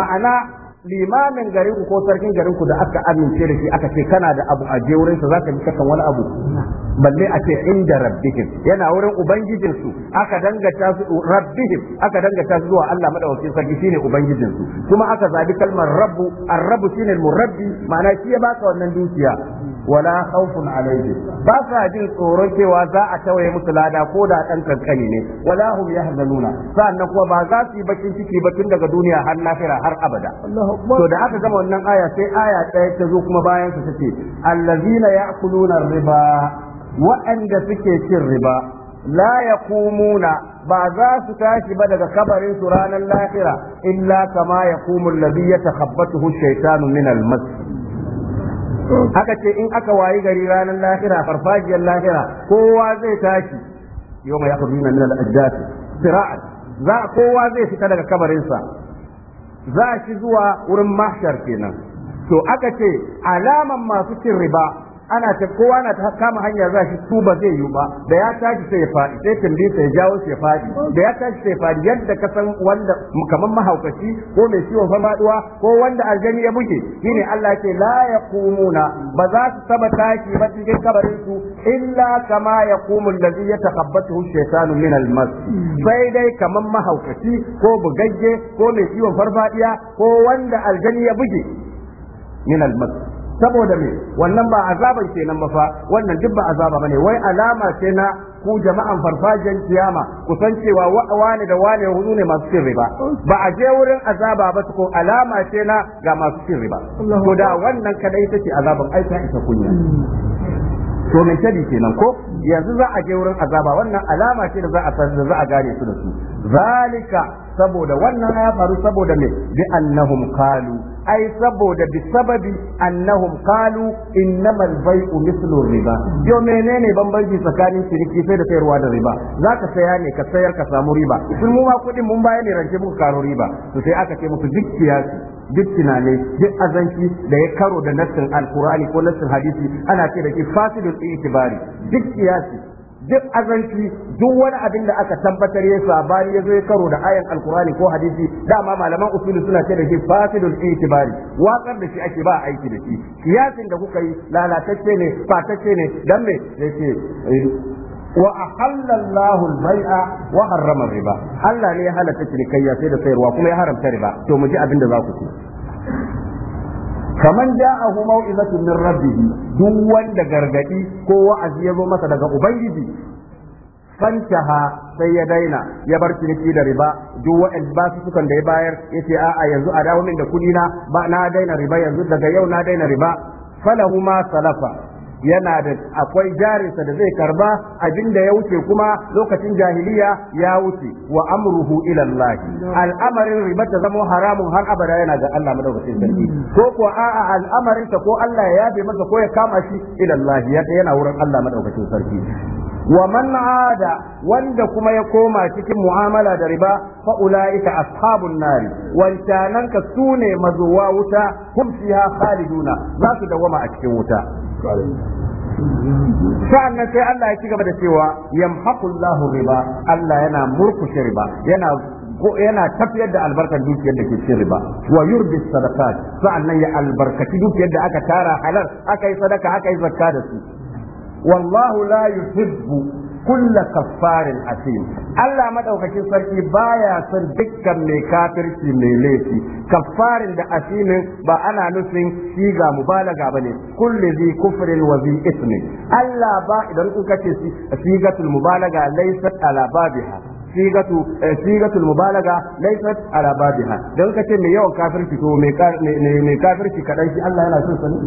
ma'ana limamin garinku ko sarkin garinku da aka amince da shi aka ce kana da abu a wurin sa zaka bi kakan wani abu balle a ce inda rabbihim yana wurin ubangijin su aka dangata su rabbihim aka dangata su zuwa Allah madaukakin sarki shine ubangijin su kuma aka zabi kalmar rabbu ar-rabbu shine al-murabbi ma'ana shi ya baka wannan dukiya wala khawfun alayhi ba sa jin tsoron cewa za a tawaye musu lada ko da dan kankani ne wala hum yahzanuna sa'annan kuma ba za su yi bakin ciki ba tun daga duniya har lahira har abada to da aka gama wannan aya sai aya ɗaya ta zo kuma bayan su tace allazina ya'kuluna riba wa'anda suke cin riba la yaqumuna ba za su tashi ba daga kabarin su ranar lahira illa kama ya kumu labi ya min almas haka ce in aka wayi gari ranar lahira farfajiyar lahira kowa zai tashi yau mai yakhuduna min al-ajdath sira'an za kowa zai fita daga kabarin sa za shi zuwa wurin mahshar kenan to aka ce alaman masu cin riba ana ta kowa na ta kama hanya za shi su ba zai yi ba da ya tashi sai ya faɗi sai tambaye sai ya jawo sai ya faɗi da ya tashi sai ya faɗi yadda ka san wanda kamar mahaukaci ko mai ciwon famaduwa ko wanda aljani ya buge ne Allah ya ce la yaqumuna ba za su taba tashi ba cikin kabarin su illa kama yaqumu allazi yatakhabbathu shaytanu min almas sai dai kamar mahaukaci ko bugagge ko mai ciwon farfadiya ko wanda aljani buge min almas saboda me wannan ba azaban kenan ba fa wannan duk ba azaba bane wai alama ce na ku jama'an farfajiyar kiyama ku san cewa wani da wani hudu ne masu cin riba ba a je wurin azaba ba ko alama ce na ga masu cin riba to da wannan kadai take azaban aika ita kunya to me shari kenan ko yanzu za a je wurin azaba wannan alama ce da za a san za a gane su da su zalika saboda wannan ya faru saboda me bi annahum qalu ai saboda bi sababi annahum qalu al bai'u mithlu riba yo menene bambanci tsakanin ciniki sai da sayarwa da riba zaka saya ne ka sayar ka samu riba sun mu ma kudin mun baya ne rance muka karo riba to sai aka ce musu duk kiyasi duk duk azanci da ya karo da nassin alqur'ani ko nassin hadisi ana ce da ki fasidul itibari duk duk azanci duk wani abin da aka tabbatar ya sabani ya zo ya karo da ayan alkurani ko hadisi dama malaman usulu suna ce da shi fasidul itibari watsar da shi ake ba aiki da shi kiyasin da kuka yi lalatacce ne fatacce ne dan me yake wa ahalla al-bai'a wa harrama riba Allah ne ya halatta cinikayya sai da sayarwa kuma ya haramta riba to mu ji abin da za ku ci faman ja'ahu mau'izatun min rabbih duk wanda gargadi ko wa'azi ya zo masa daga ubangiji fantaha sai ya daina ya bar ciniki da riba duk wa'anda ba su da ya bayar yace a'a yanzu a dawo min da kudi na ba na daina riba yanzu daga yau na daina riba falahu ma salafa yana da akwai jarinsa da zai karba abinda ya wuce kuma lokacin jahiliya ya wuce wa amruhu ila Allah al'amarin riba ta zama haramun har abada yana ga Allah madaukakin sarki ko ko a'a al'amarin ta ko Allah ya yabe masa ko ya kama shi ila Allah yana wurin Allah madaukakin sarki wa man ada wanda kuma ya koma cikin mu'amala da riba fa ulaika ashabun nari wancanan ka sune mazuwa wuta kum fiha khaliduna za su dawama a cikin wuta sa'annan sai Allah ya ci gaba da cewa yamhaqullahu riba Allah yana murkushe riba yana yana tafiyar da albarkar dukiyar da ke cin riba wa yurbi sadaqat sa'annan ya albarkaci dukiyar da aka tara halar aka yi sadaka aka yi zakka da su wallahu la yuhibbu kulla kaffarin asim Allah madaukakin sarki baya son dukkan mai kafirci mai laifi kaffarin da asimin ba ana nufin shi ga mubalaga bane kulli zi kufrin wa zi ismin Allah ba idan kuka ce sigatul mubalaga laysa ala babiha sigatu eh, sigatul mubalaga laysat ala babiha dan kace mai yawan kafirci to me me kafirci kadan shi Allah yana son sani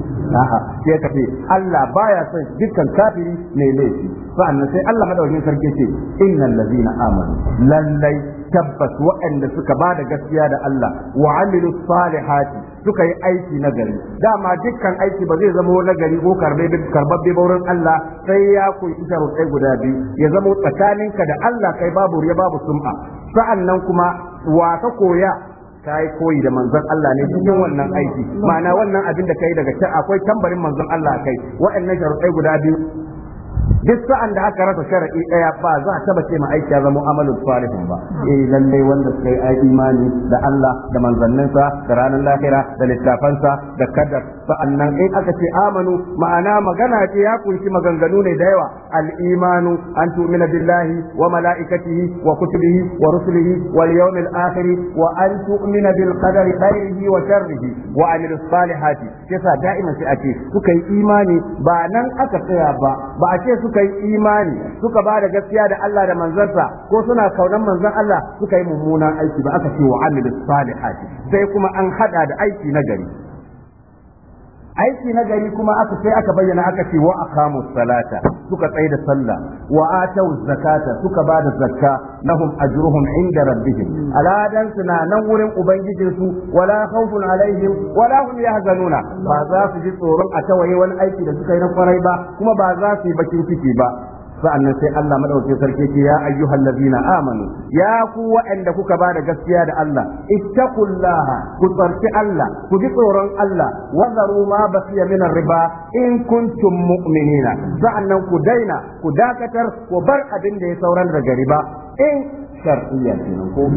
a'a sai kace Allah baya son dukkan kafiri ne laifi sannan sai Allah madaukakin sarki ce innal ladina amanu lallai tabbas waɗanda suka ba da gaskiya da Allah wa amilu salihati suka yi aiki na gari dama dukkan aiki ba zai zama na gari ko karbabbe wurin Allah sai ya koyi sharuɗai guda biyu ya zama tsakanin ka da Allah kai babu ya babu sum'a sa'annan kuma wa ka koya ka yi koyi da manzon Allah ne cikin wannan aiki ma'ana wannan abin da kai daga akwai tambarin manzon Allah kai wa'annan sharuɗai guda biyu duk sa'an da aka rasa shar'i daya ba za a taba ce ma aiki ya zama amalu salihun ba eh lalle wanda sai ai imani da Allah da manzanninsa da ranar lahira da littafansa da kadar sa'annan in aka ce amanu ma'ana magana ce ya kunshi maganganu ne da yawa al-imanu an tu'mina billahi wa mala'ikatihi wa kutubihi wa rusulihi wal yawmil akhir wa an tu'mina bil qadari khairihi wa sharrihi wa amil salihati yasa da'iman sai ake kuka yi imani ba nan aka tsaya ba ba a ce su suka yi imani suka ba da gaskiya da Allah da manzansa ko suna kaunan manzan Allah suka yi mummunan aiki ba aka ce wa amilus salihati sai kuma an hada da aiki na gari aiki na gari kuma aka sai aka bayyana aka ce wa aqamu salata suka tsaye da sallah wa atau zakata suka ba da zakka lahum ajruhum inda rabbihim aladan suna nan wurin ubangijin su wala khawfun alaihim wala hum yahzanuna ba za su ji tsoron a tawaye wani aiki da suka yi na kwarai ba kuma ba za su yi bakin ciki ba sa'annan sai Allah madaukakin sarki ce ya ayyuhal ladina amanu ya ku waɗanda kuka ba da gaskiya da Allah ittaqullaha ku tsarki Allah ku ji tsoron Allah wa zaru ma basiya min riba in kuntum mu'minina sa'annan ku daina ku dakatar ku bar abin da ya sauran daga riba in shar'iyya kenan ko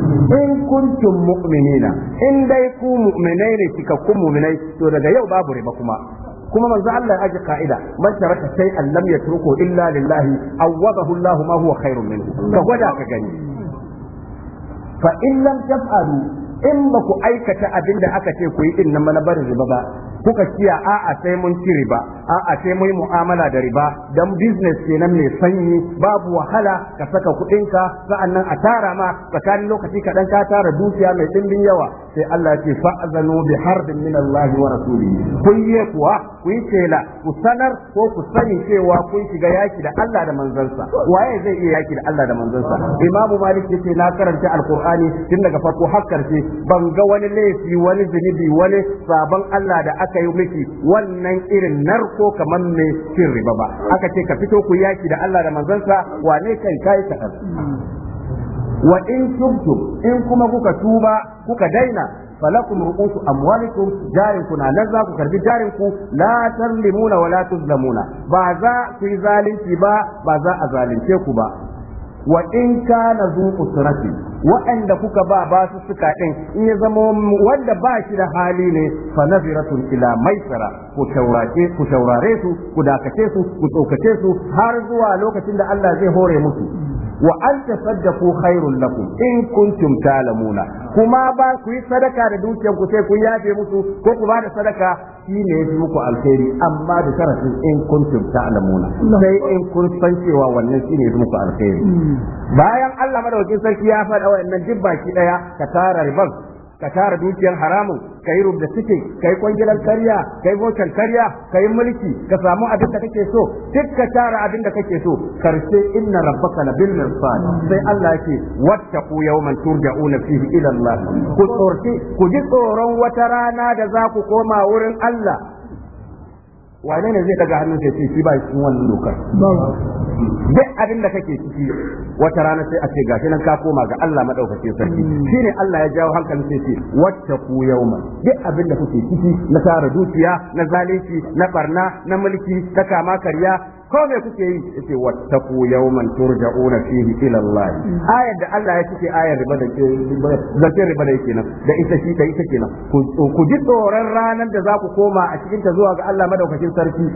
in kuntum mu'minina in dai ku mu'minai ne kika ku mu'minai to daga yau babu riba kuma kuma manzo Allah ya aje ka'ida man taraka shay'an lam yatruku illa lillahi awwadahu Allah ma huwa khairun minhu ka gwada ka gani fa in lam taf'alu in ba ku aikata abin da aka ce ku yi din nan na barin riba ba kuka kiya a'a sai mun ci riba a'a sai mu yi mu'amala da riba dan business kenan mai sanyi babu wahala ka saka kuɗinka sa'annan a tara ma tsakanin lokaci kaɗan ka tara dukiya mai ɗimbin yawa sai Allah ce fa'azanu bi harbin min Allah wa rasulihi kun yi kuwa kun kela ku sanar ko ku sani cewa kun shiga yaki da Allah da manzansa waye zai iya yaki da Allah da manzansa imamu malik yace na karanta alqur'ani tun daga farko har karshe ban ga wani laifi wani zunubi wani sabon Allah da aka yi miki wannan irin narko Ko kamar ne cin riba ba aka ce ka fito ku yaki da Allah da manzansa wane kai kai ta wa in tubtum in kuma kuka tuba kuka daina falakum ru'usu amwalikum jarin na nan za ku karbi jarin ku la tarlimuna wala tuzlamuna ba za ku yi zalunci ba ba za a zalunce ku ba wa in kana zu usrati wa'anda kuka ba ba su suka din in ya zama wanda ba shi da hali ne fa naziratun ila maisara ku taurake ku taurare su ku dakace su ku tsokace su har zuwa lokacin da Allah zai hore musu wa an tasaddaqu khairul lakum in kuntum ta'lamuna kuma ba ku yi sadaka da dukiyar ku sai ku yafe musu ko ku ba da sadaka shi ne ya fi muku alheri amma da sharafin in kuntum ta'lamuna sai in kun san cewa wannan shi ne ya fi muku alheri hmm. bayan Allah madaukakin sarki ya faɗa nan duk baki daya ka tara ribar ka tara dukiyar haramun ka yi rubda suke ka yi kwangilar karya ka yi bocan karya ka yi mulki ka samu abin da kake so duk ka tara abin da kake so karshe inna rabbaka la bil mirsad sai Allah yake wattaqu yawman turja'una fihi ila Allah ku tsorki ku ji tsoron wata rana da za ku koma wurin Allah wane ne zai daga hannun sai ce shi ba cikin wannan dokar duk abin da kake ciki wata rana sai a ce gashi nan ka koma ga Allah madaukake sarki hmm. shine Allah ya jawo hankalin sai ce ku yauma duk abin da kake ciki na tara dukiya na zalunci na barna na mulki ta kama karya ko me kuke yi yace wattaqu yawman turja'una fihi ila Allah ayar da Allah ya cike ayar riba da ke zakin riba da yake nan da ita shi ita kenan ku ji tsoron ranar da za ku koma a cikin ta zuwa ga Allah madaukakin sarki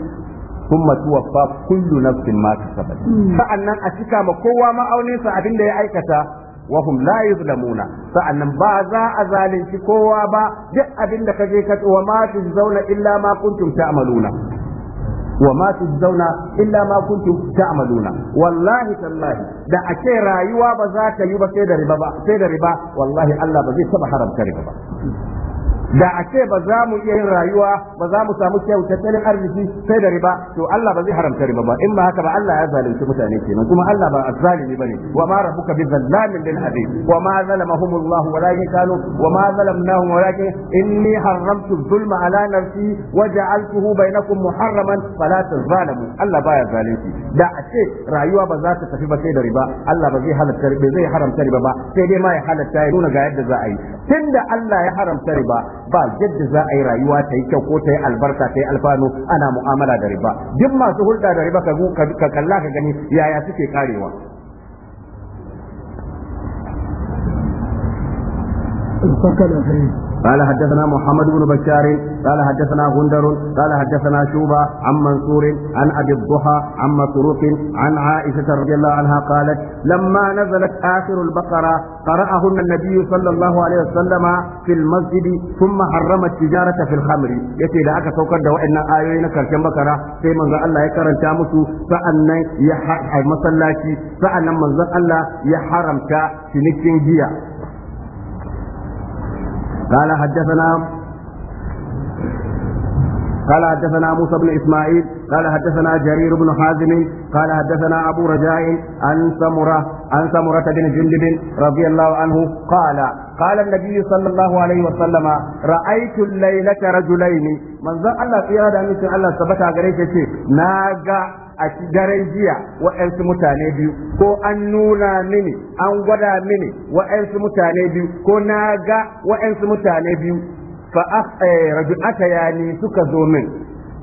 ثم توفى كل نفس ما كسبت sa'annan a cika ma kowa ma'aunin sa abinda ya aikata wahum la yuzlamuna sa'annan ba za a zalunci kowa ba duk abinda kaje ka wa ma tuzzauna illa ma kuntum ta'maluna وما تجزون إلا ما كنتم تعملون والله تالله da ake rayuwa ba za ta yi ba sai da riba ba sai da riba wallahi Allah ba zai taba haramta riba ba da a ce ba za mu iya yin rayuwa ba za mu samu kyau tattalin arziki sai da riba to Allah ba zai haramta riba ba in ba haka ba Allah ya zalunci mutane kenan kuma Allah ba azzalimi bane wa ma rabbuka bizallamin lil abid wa ma zalamahumullah walakin kanu wa ma zalamnahum walakin inni haramtu zulma ala nafsi wa ja'altuhu bainakum muharraman fala tazalamu Allah baya zalunci da a ce rayuwa ba za ta tafi ba sai da riba Allah ba zai halatta riba zai haramta riba ba sai dai ma ya halatta ya nuna ga yadda za a yi tunda Allah ya haramta riba ba yadda za a yi rayuwa ta yi kyau ko ta yi albarka ta yi alfano ana mu'amala da riba duk masu hulɗa da riba ka kalla ka gani yaya suke karewa قال حدثنا محمد بن بشار قال حدثنا غندر قال حدثنا شوبة عن منصور عن أبي الضحى عن مسروق عن عائشة رضي الله عنها قالت لما نزلت آخر البقرة قرأهن النبي صلى الله عليه وسلم في المسجد ثم حرم التجارة في الخمر يتي لأك سوكر دواء إن آيوين كرشن بقرة في منزل الله يكرن تامسو فأن يحرم مسلاتي فأن منزل الله يحرم تشنكين جيا قال حدثنا قال حدثنا موسى بن اسماعيل قال حدثنا جرير بن حازم قال حدثنا ابو رجاء عن سمره عن سمره بن جندب رضي الله عنه قال قال النبي صلى الله عليه وسلم رايت الليله رجلين من ذا الله في هذا مثل الله ثبت على ناجا a daren jiya wa'yansu mutane biyu ko an nuna mini an gwada mini wa'yansu mutane biyu ko na ga wa'yansu mutane biyu fa aka eh, yani suka zo min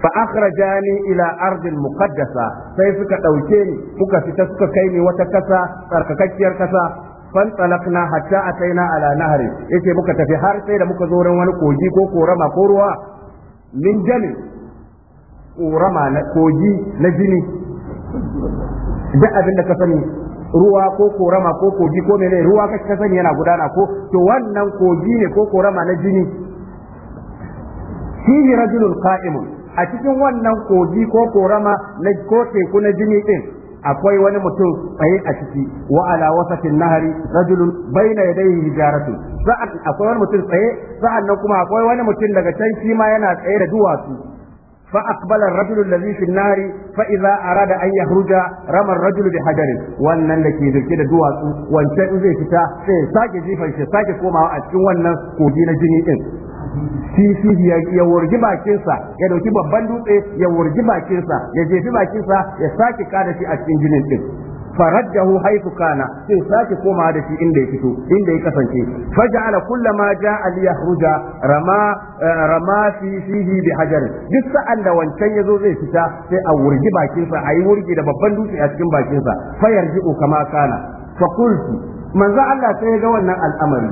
fa akhrajani ila ardil muqaddasa sai suka ɗauke ni suka fita suka kai ni wata kasa tsarkakakkiyar kasa fantsalakna hatta a ataina ala nahri yace muka tafi har sai da muka zo ran wani kogi ko korama ko ruwa min jami Korama na kogi na jini duk abin da ka sani ruwa ko korama ko kogi ko mene ruwa ka ka sani yana gudana ko to wannan kogi ne ko korama na jini fihi rajulun qa'imun a cikin wannan kogi ko korama na ko teku na jini din akwai wani mutum tsaye a ciki wa ala wasatin nahari rajulun baina yadayhi hijaratu sa'an akwai wani mutum tsaye sa'an nan kuma akwai wani mutum daga can shi ma yana tsaye da duwatsu فأقبل الرجل الذي في النار فإذا أراد أن يخرج رمى الرجل بحجر wannan da ke dauke da duwatsu wancan in zai fita sai sake jifan shi sake komawa a cikin wannan kogi na jini din shi ya wurgi bakinsa ya dauki babban dutse ya wurgi bakinsa ya jefi bakinsa ya sake kada shi a cikin jinin din faraddahu haifuka na sai sake komawa da shi inda ya fito inda ya kasance faj'ala kullama ja'a li yahruja rama eh, rama fi fihi bi duk sa'an da wancan zo zai fita sai a wurgi bakin sa ayi wurgi da babban dutse a cikin bakin sa fayarji'u kama kana fa qultu manzo Allah sai ya ga wannan al'amari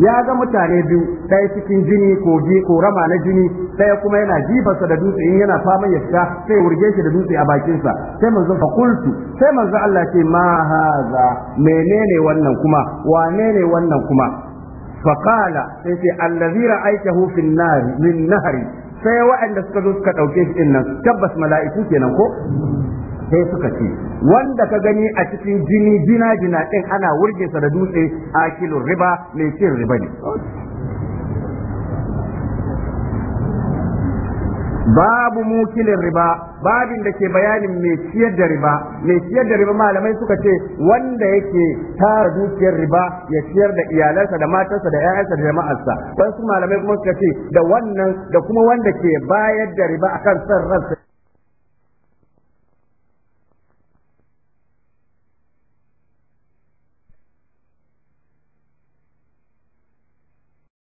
ya ga mutane biyu ɗaya cikin jini kogi ko rama na jini ɗaya kuma yana jifarsa da dutse in yana fama ya fita sai wurge shi da dutse a bakinsa sai manzo fa kultu sai manzo Allah ce ma haza menene wannan kuma wane ne wannan kuma fa qala sai ce allazi ra'aytahu fin nar min nahri sai waɗanda suka zo suka ɗauke shi nan tabbas mala'iku kenan ko sai suka ce wanda ka gani a cikin jini jina jina ɗin ana wurge sa da dutse akilun riba mai cin riba ne babu mukilin riba babin da ke bayanin mai ciyar da riba mai ciyar da riba malamai suka ce wanda yake tara dukiyar riba ya ciyar da iyalansa da matarsa da ƴaƴansa da jama'arsa wasu malamai kuma suka ce da wannan da kuma wanda ke bayar da riba akan son ransa